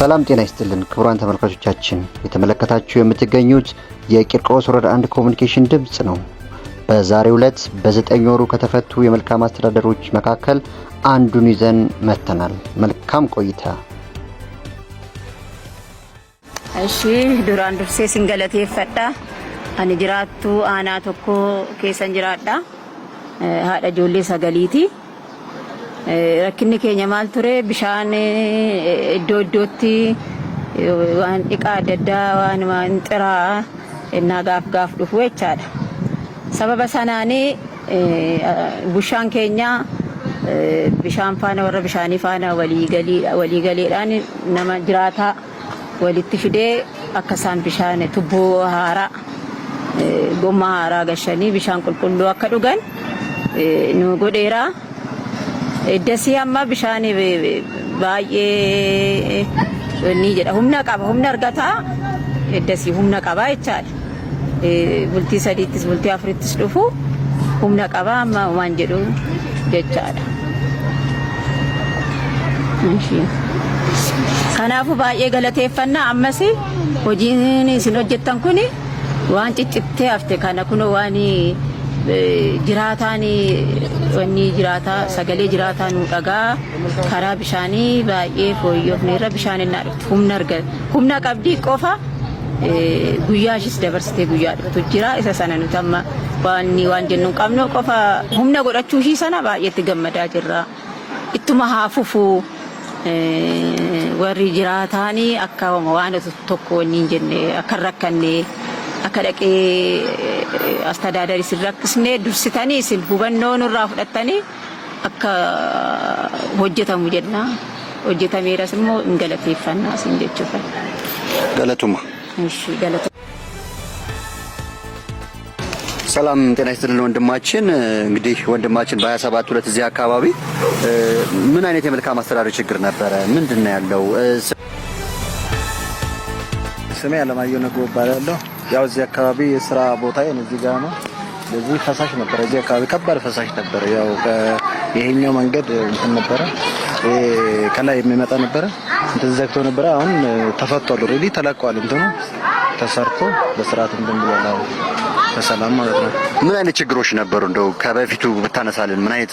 ሰላም ጤና ይስጥልን ክቡራን ተመልካቾቻችን፣ የተመለከታችሁ የምትገኙት የቂርቆስ ወረዳ አንድ ኮሚኒኬሽን ድምፅ ነው። በዛሬው ዕለት በዘጠኝ ወሩ ከተፈቱ የመልካም አስተዳደሮች መካከል አንዱን ይዘን መጥተናል። መልካም ቆይታ። እሺ ዱራን ዱርሴ ሲንገለት ፈዳ አን ጅራቱ አና ቶኮ ኬሰን ጅራዳ ሀደ ጆሌ ሰገሊቲ rakkinni keenya maal ture bishaan iddoo iddootti waan dhiqaa adda addaa waan waan xiraa innaa gaaf gaaf dhufu jechaadha. Sababa sanaani bishaan keenya bishaan faana warra bishaanii faana walii galiidhaan nama jiraataa walitti fidee akka isaan bishaan tubboo haaraa gommaa haaraa gashanii bishaan qulqulluu akka dhugan nu godheeraa. ደሲያማ ብሻኔ ባዬ ኒ ጀደ ሁምነ ቀበ ሁምነ እርገታ ደሲ ሁምነ ቀባ ይቻል ቡልቲ ሰዲትስ ቡልቲ አፍሪትስ ድፉ ሁምነ ቀባ ማን ጀዱ ጀቻለ እንሺ ከናፉ ባዬ ገለቴፈና አመሲ ሆጂን ሲኖጀተን ኩኒ ዋን ጭጭቴ አፍቴ ካነኩኖ ዋኒ jiraataanii wanni jiraata sagalee jiraataa nu dhagaa karaa bishaanii baay'ee irra bishaan innaa dhuftu humna arga humna qabdii qofa guyyaa ishis dabarsitee guyyaa dhuftu jira isa sana nuti amma waan waan jennu qabnu qofa humna godhachuu ishii sana baay'eetti gammadaa jirra ittuma haa fufu warri jiraataanii akka waan tokko wanni hin jenne akka hin rakkannee. akka astadaadari isin rakkisnee dursitanii isin hubannoo nurraa fudhattanii akka hojjetamu jennaa hojjetameeras immoo hin galateeffannaa isin jechuudha. Galatuma. galatuma. ሰላም ጤና ይስጥልን ወንድማችን። እንግዲህ ወንድማችን በ27 ሁለት እዚህ አካባቢ ምን አይነት የመልካም አስተዳደር ችግር ነበረ? ምንድን ነው ያለው? ስሜ አለማየሁ ነጎ እባላለሁ። ያው እዚህ አካባቢ የስራ ቦታ እዚህ ጋር ነው። ለዚህ ፈሳሽ ነበረ፣ እዚህ አካባቢ ከባድ ፈሳሽ ነበረ። ያው ይሄኛው መንገድ እንትን ነበረ፣ ከላይ የሚመጣ ነበረ፣ እንትን ዘግቶ ነበረ። አሁን ተፈቷል፣ ኦልሬዲ ተለቋል። እንትኑ ተሰርቶ በስርዓት እንትን ብሏል አሁን በሰላም ማለት ነው። ምን አይነት ችግሮች ነበሩ? እንደው ከበፊቱ ብታነሳልን፣ ምን አይነት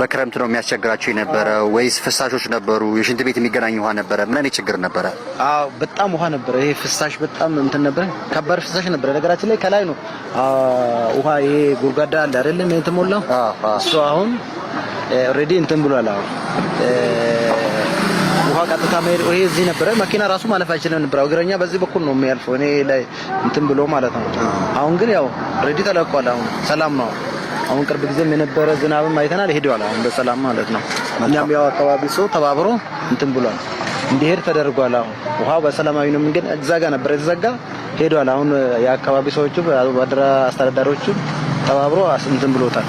በክረምት ነው የሚያስቸግራቸው የነበረ ወይስ ፍሳሾች ነበሩ? የሽንት ቤት የሚገናኝ ውሃ ነበረ? ምን አይነት ችግር ነበረ? አዎ በጣም ውሃ ነበረ። ይሄ ፍሳሽ በጣም እንትን ነበረ፣ ከባድ ፍሳሽ ነበረ። ነገራችን ላይ ከላይ ነው ውሃ፣ ይሄ ጎድጓዳ አለ አይደለም የተሞላው እሱ አሁን ኦልሬዲ እንትን ብሏል አሁን ቦታ መሄድ ይሄ እዚህ ነበረ መኪና ራሱ ማለፍ አይችልም ነበር። እግረኛ በዚህ በኩል ነው የሚያልፈው እኔ ላይ እንትን ብሎ ማለት ነው። አሁን ግን ያው ሬዲ ተለቋል። አሁን ሰላም ነው። አሁን ቅርብ ጊዜም የነበረ ዝናብም አይተናል። ሄደዋል አሁን በሰላም ማለት ነው። እኛም ያው አካባቢ ሰው ተባብሮ እንትን ብሏል እንዲሄድ ተደርጓል። አሁን ውሃው በሰላማዊ ነው የሚገኝ። እዛ ጋር ነበር የተዘጋ ሄደዋል። አሁን የአካባቢ ሰዎቹ አስተዳዳሪዎቹ ተባብሮ እንትን ብሎታል።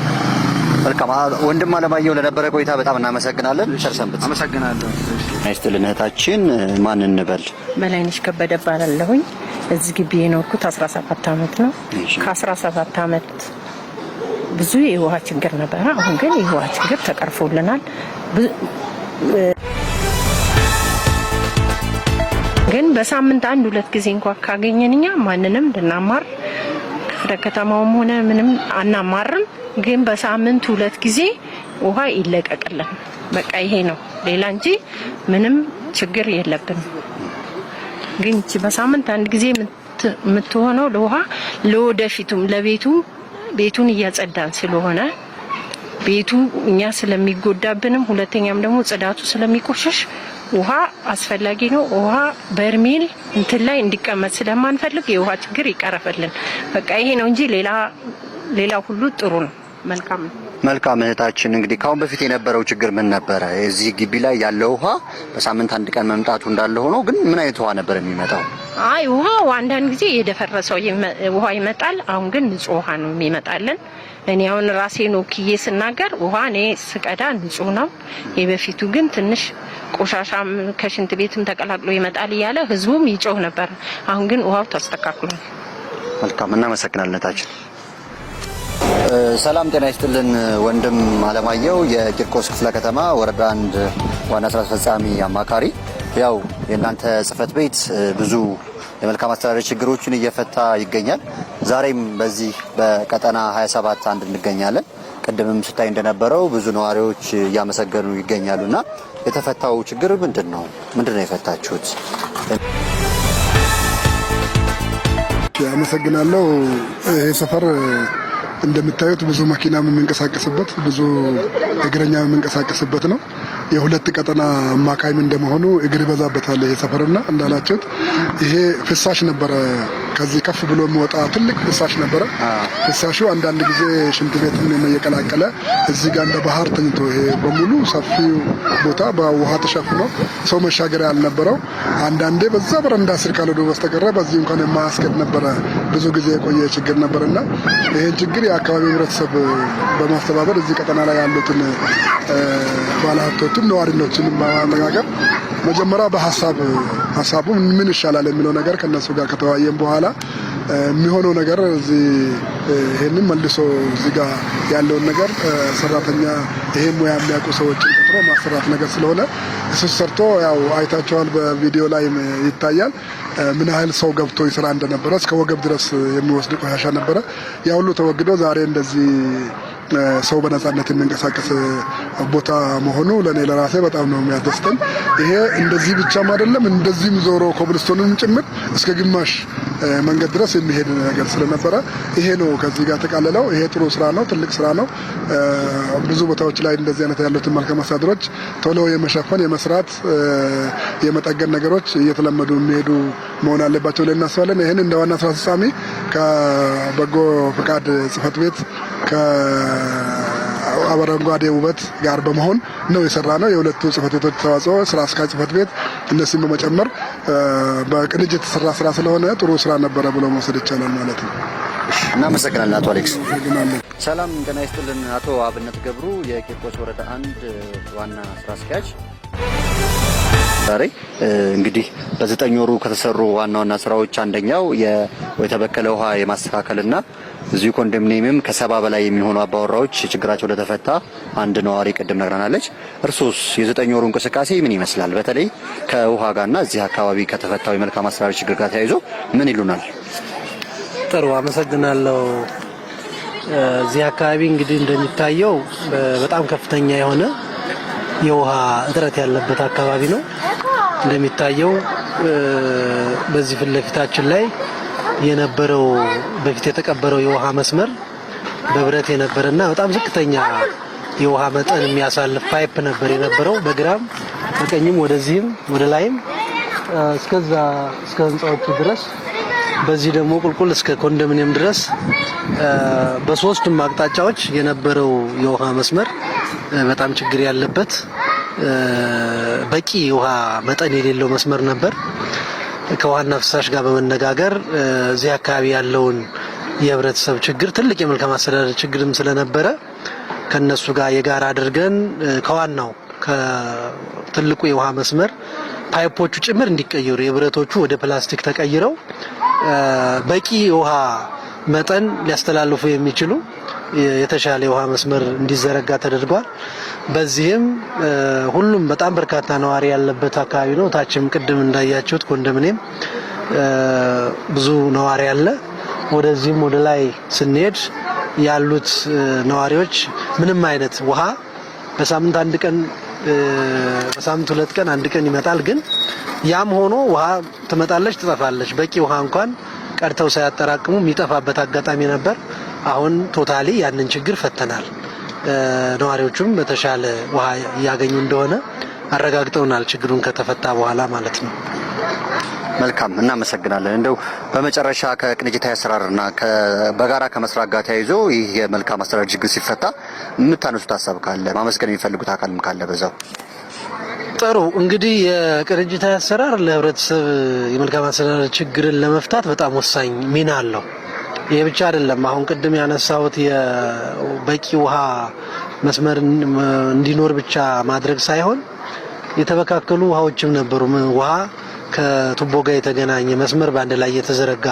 መልካም ወንድም አለማየሁ ለነበረ ቆይታ በጣም እናመሰግናለን። ቸርሰንበት አመሰግናለሁ። ይስጥልን። እህታችን ማን እንበል? በላይነሽ ከበደ እባላለሁኝ። እዚህ ግቢ የኖርኩት 17 ዓመት ነው። ከ17 ዓመት ብዙ የውሃ ችግር ነበረ። አሁን ግን የውሃ ችግር ተቀርፎልናል። ግን በሳምንት አንድ ሁለት ጊዜ እንኳ ካገኘን እኛ ማንንም ልናማር ክፍለ ከተማውም ሆነ ምንም አናማር ግን በሳምንት ሁለት ጊዜ ውሃ ይለቀቅልን። በቃ ይሄ ነው፣ ሌላ እንጂ ምንም ችግር የለብንም። ግን እቺ በሳምንት አንድ ጊዜ የምትሆነው ለውሃ ለወደፊቱም ለቤቱ ቤቱን እያጸዳን ስለሆነ ቤቱ እኛ ስለሚጎዳብንም ሁለተኛም ደግሞ ጽዳቱ ስለሚቆሸሽ ውሃ አስፈላጊ ነው። ውሃ በርሜል እንትን ላይ እንዲቀመጥ ስለማንፈልግ የውሃ ችግር ይቀረፈልን። በቃ ይሄ ነው እንጂ ሌላ ሌላ ሁሉ ጥሩ ነው። መልካም እህታችን እንግዲህ ካሁን በፊት የነበረው ችግር ምን ነበረ? እዚህ ግቢ ላይ ያለው ውሃ በሳምንት አንድ ቀን መምጣቱ እንዳለ ሆኖ ግን ምን አይነት ውሃ ነበር የሚመጣው? አይ ውሃው አንዳንድ ጊዜ የደፈረሰው ውሃ ይመጣል። አሁን ግን ንጹህ ውሃ ነው የሚመጣልን። እኔ አሁን ራሴን ወክዬ ስናገር ውሃ እኔ ስቀዳ ንጹህ ነው። የበፊቱ ግን ትንሽ ቆሻሻም ከሽንት ቤትም ተቀላቅሎ ይመጣል እያለ ህዝቡም ይጮህ ነበር። አሁን ግን ውሃው ተስተካክሏል። መልካም እናመሰግናለን እህታችን። ሰላም ጤና ይስጥልን ወንድም አለማየሁ የቂርቆስ ክፍለ ከተማ ወረዳ አንድ ዋና ስራ አስፈጻሚ አማካሪ። ያው የእናንተ ጽህፈት ቤት ብዙ የመልካም አስተዳደር ችግሮችን እየፈታ ይገኛል። ዛሬም በዚህ በቀጠና 27 አንድ እንገኛለን። ቅድምም ስታይ እንደነበረው ብዙ ነዋሪዎች እያመሰገኑ ና የተፈታው ችግር ምንድን ነው? ምንድን ነው የፈታችሁት? አመሰግናለሁ። ይህ ሰፈር እንደምታዩት ብዙ መኪና የምንቀሳቀስበት ብዙ እግረኛ የምንቀሳቀስበት ነው። የሁለት ቀጠና አማካይም እንደመሆኑ እግር ይበዛበታል ይሄ ሰፈርና እንዳላችሁት ይሄ ፍሳሽ ነበረ ከዚህ ከፍ ብሎ የሚወጣ ትልቅ ፍሳሽ ነበረ። ፍሳሹ አንዳንድ ጊዜ ሽንት ቤትን እየቀላቀለ እዚህ ጋር እንደ ባህር ተኝቶ ይሄ በሙሉ ሰፊው ቦታ በውሃ ተሸፍኖ ሰው መሻገሪያ ያልነበረው አንዳንዴ በዛ በረንዳ ስር ካልሄዱ በስተቀረ በዚህ እንኳን የማያስገድ ነበረ። ብዙ ጊዜ የቆየ ችግር ነበርና ይህን ችግር የአካባቢ ህብረተሰብ በማስተባበር እዚህ ቀጠና ላይ ያሉትን ባለሀብቶችን ነዋሪዎችን በማነጋገር መጀመሪያ በሀሳብ ሀሳቡ ምን ይሻላል የሚለው ነገር ከነሱ ጋር ከተወያየን በኋላ የሚሆነው ነገር እዚህ ይሄንን መልሶ እዚህ ጋር ያለውን ነገር ሰራተኛ ይሄ ሙያ የሚያውቁ ሰዎችን ቀጥሮ ማሰራት ነገር ስለሆነ እሱ ሰርቶ ያው አይታቸዋል። በቪዲዮ ላይ ይታያል ምን ያህል ሰው ገብቶ ይስራ እንደነበረ እስከ ወገብ ድረስ የሚወስድ ቆሻሻ ነበረ። ያ ሁሉ ተወግዶ ዛሬ እንደዚህ ሰው በነጻነት የሚንቀሳቀስ ቦታ መሆኑ ለእኔ ለራሴ በጣም ነው የሚያስደስተኝ። ይሄ እንደዚህ ብቻም አይደለም፣ እንደዚህም ዞሮ ኮብልስቶንም ጭምር እስከ ግማሽ መንገድ ድረስ የሚሄድ ነገር ስለነበረ ይሄ ነው ከዚህ ጋር ተቃለለው። ይሄ ጥሩ ስራ ነው፣ ትልቅ ስራ ነው። ብዙ ቦታዎች ላይ እንደዚህ አይነት ያሉትን መልካም አስተዳደሮች ቶሎ የመሸፈን የመስራት የመጠገን ነገሮች እየተለመዱ የሚሄዱ መሆን አለባቸው ብለን እናስባለን። ይህን እንደ ዋና ስራ አስፈጻሚ ከበጎ ፈቃድ ጽህፈት ቤት አረንጓዴ ውበት ጋር በመሆን ነው የሰራ ነው። የሁለቱ ጽህፈት ቤቶች ተዋጽኦ ስራ አስኪያጅ ጽህፈት ቤት እነሱን በመጨመር በቅንጅት የተሰራ ስራ ስለሆነ ጥሩ ስራ ነበረ ብሎ መውሰድ ይቻላል ማለት ነው። እናመሰግናለን አቶ አሌክስ። ሰላም ጤና ይስጥልን። አቶ አብነት ገብሩ የቂርቆስ ወረዳ አንድ ዋና ስራ አስኪያጅ ዛሬ እንግዲህ በዘጠኝ ወሩ ከተሰሩ ዋና ዋና ስራዎች አንደኛው የተበከለ ውሃ የማስተካከልና እዚሁ ኮንዶሚኒየምም ከሰባ በላይ የሚሆኑ አባወራዎች ችግራቸው ለተፈታ አንድ ነዋሪ ቅድም ነግረናለች። እርሶስ የዘጠኝ ወሩ እንቅስቃሴ ምን ይመስላል? በተለይ ከውሃ ጋርና እዚህ አካባቢ ከተፈታው የመልካም አስተዳደር ችግር ጋር ተያይዞ ምን ይሉናል? ጥሩ አመሰግናለሁ። እዚህ አካባቢ እንግዲህ እንደሚታየው በጣም ከፍተኛ የሆነ የውሃ እጥረት ያለበት አካባቢ ነው። እንደሚታየው በዚህ ፊት ለፊታችን ላይ የነበረው በፊት የተቀበረው የውሃ መስመር በብረት የነበረና በጣም ዝቅተኛ የውሃ መጠን የሚያሳልፍ ፓይፕ ነበር የነበረው። በግራም በቀኝም ወደዚህም ወደ ላይም እስከዛ እስከ ህንፃዎቹ ድረስ በዚህ ደግሞ ቁልቁል እስከ ኮንዶሚኒየም ድረስ በሶስቱም አቅጣጫዎች የነበረው የውሃ መስመር በጣም ችግር ያለበት በቂ ውሃ መጠን የሌለው መስመር ነበር። ከውሃና ፍሳሽ ጋር በመነጋገር እዚህ አካባቢ ያለውን የህብረተሰብ ችግር ትልቅ የመልካም አስተዳደር ችግርም ስለነበረ ከነሱ ጋር የጋራ አድርገን ከዋናው ከትልቁ የውሃ መስመር ፓይፖቹ ጭምር እንዲቀየሩ የብረቶቹ ወደ ፕላስቲክ ተቀይረው በቂ የውሃ መጠን ሊያስተላልፉ የሚችሉ የተሻለ የውሃ መስመር እንዲዘረጋ ተደርጓል። በዚህም ሁሉም በጣም በርካታ ነዋሪ ያለበት አካባቢ ነው። ታችም ቅድም እንዳያችሁት ኮንዶሚኒየም ብዙ ነዋሪ አለ። ወደዚህም ወደ ላይ ስንሄድ ያሉት ነዋሪዎች ምንም አይነት ውሃ በሳምንት አንድ ቀን በሳምንት ሁለት ቀን አንድ ቀን ይመጣል። ግን ያም ሆኖ ውሃ ትመጣለች፣ ትጠፋለች። በቂ ውሃ እንኳን ቀድተው ሳያጠራቅሙ የሚጠፋበት አጋጣሚ ነበር። አሁን ቶታሊ ያንን ችግር ፈተናል። ነዋሪዎቹም በተሻለ ውሃ እያገኙ እንደሆነ አረጋግጠውናል፣ ችግሩን ከተፈታ በኋላ ማለት ነው። መልካም እናመሰግናለን። እንደው በመጨረሻ ከቅንጅታዊ አሰራርና በጋራ ከመስራት ጋር ተያይዞ ይህ የመልካም አስተዳደር ችግር ሲፈታ የምታነሱት ሀሳብ ካለ ማመስገን የሚፈልጉት አካልም ካለ በዛው ጥሩ እንግዲህ የቅንጅታዊ አሰራር ለህብረተሰብ የመልካም አስተዳደር ችግርን ለመፍታት በጣም ወሳኝ ሚና አለው። ይሄ ብቻ አይደለም። አሁን ቅድም ያነሳሁት የበቂ ውሃ መስመር እንዲኖር ብቻ ማድረግ ሳይሆን የተበካከሉ ውሃዎችም ነበሩ። ውሃ ከቱቦ ጋር የተገናኘ መስመር በአንድ ላይ የተዘረጋ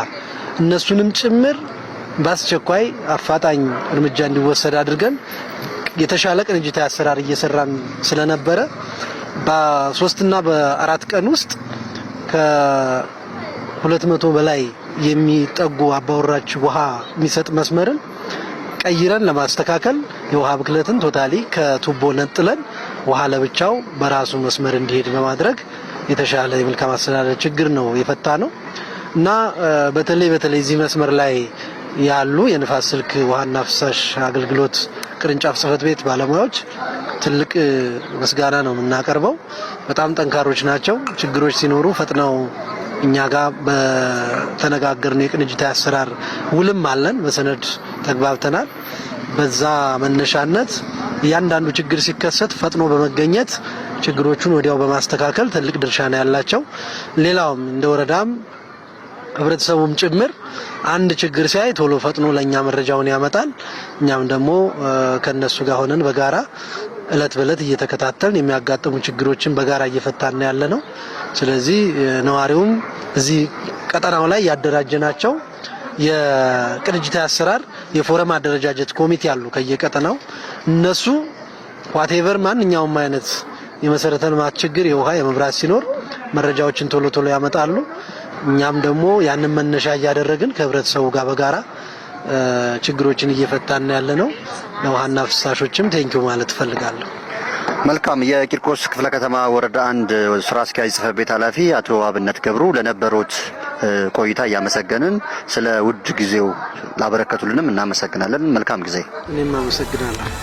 እነሱንም ጭምር በአስቸኳይ አፋጣኝ እርምጃ እንዲወሰድ አድርገን የተሻለ ቅንጅታዊ አሰራር እየሰራን ስለነበረ በሶስትና በአራት ቀን ውስጥ ሁለት መቶ በላይ የሚጠጉ አባወራች ውሃ የሚሰጥ መስመርን ቀይረን ለማስተካከል የውሃ ብክለትን ቶታሊ ከቱቦ ነጥለን ውሃ ለብቻው በራሱ መስመር እንዲሄድ በማድረግ የተሻለ የመልካም አስተዳደር ችግር ነው የፈታ ነው እና በተለይ በተለይ እዚህ መስመር ላይ ያሉ የንፋስ ስልክ ውሃና ፍሳሽ አገልግሎት ቅርንጫፍ ጽህፈት ቤት ባለሙያዎች ትልቅ ምስጋና ነው የምናቀርበው። በጣም ጠንካሮች ናቸው። ችግሮች ሲኖሩ ፈጥነው እኛ ጋር በተነጋገርነው የቅንጅታዊ አሰራር ውልም አለን፣ በሰነድ ተግባብተናል። በዛ መነሻነት እያንዳንዱ ችግር ሲከሰት ፈጥኖ በመገኘት ችግሮቹን ወዲያው በማስተካከል ትልቅ ድርሻ ነው ያላቸው። ሌላውም እንደ ወረዳም ህብረተሰቡም ጭምር አንድ ችግር ሲያይ ቶሎ ፈጥኖ ለእኛ መረጃውን ያመጣል። እኛም ደግሞ ከነሱ ጋር ሆነን በጋራ እለት በእለት እየተከታተልን የሚያጋጥሙ ችግሮችን በጋራ እየፈታን ያለ ነው። ስለዚህ ነዋሪውም እዚህ ቀጠናው ላይ ያደራጀናቸው የቅንጅታዊ አሰራር የፎረም አደረጃጀት ኮሚቴ አሉ ከየቀጠናው እነሱ ዋቴቨር ማንኛውም አይነት የመሰረተ ልማት ችግር የውሃ የመብራት ሲኖር መረጃዎችን ቶሎ ቶሎ ያመጣሉ። እኛም ደግሞ ያንን መነሻ እያደረግን ከህብረተሰቡ ጋር በጋራ ችግሮችን እየፈታን ያለ ነው። ለውሃና ፍሳሾችም ቴንኪው ማለት እፈልጋለሁ። መልካም የቂርቆስ ክፍለ ከተማ ወረዳ አንድ ስራ አስኪያጅ ጽህፈት ቤት ኃላፊ አቶ አብነት ገብሩ ለነበሩት ቆይታ እያመሰገንን ስለ ውድ ጊዜው ላበረከቱልንም እናመሰግናለን። መልካም ጊዜ። እኔም አመሰግናለሁ።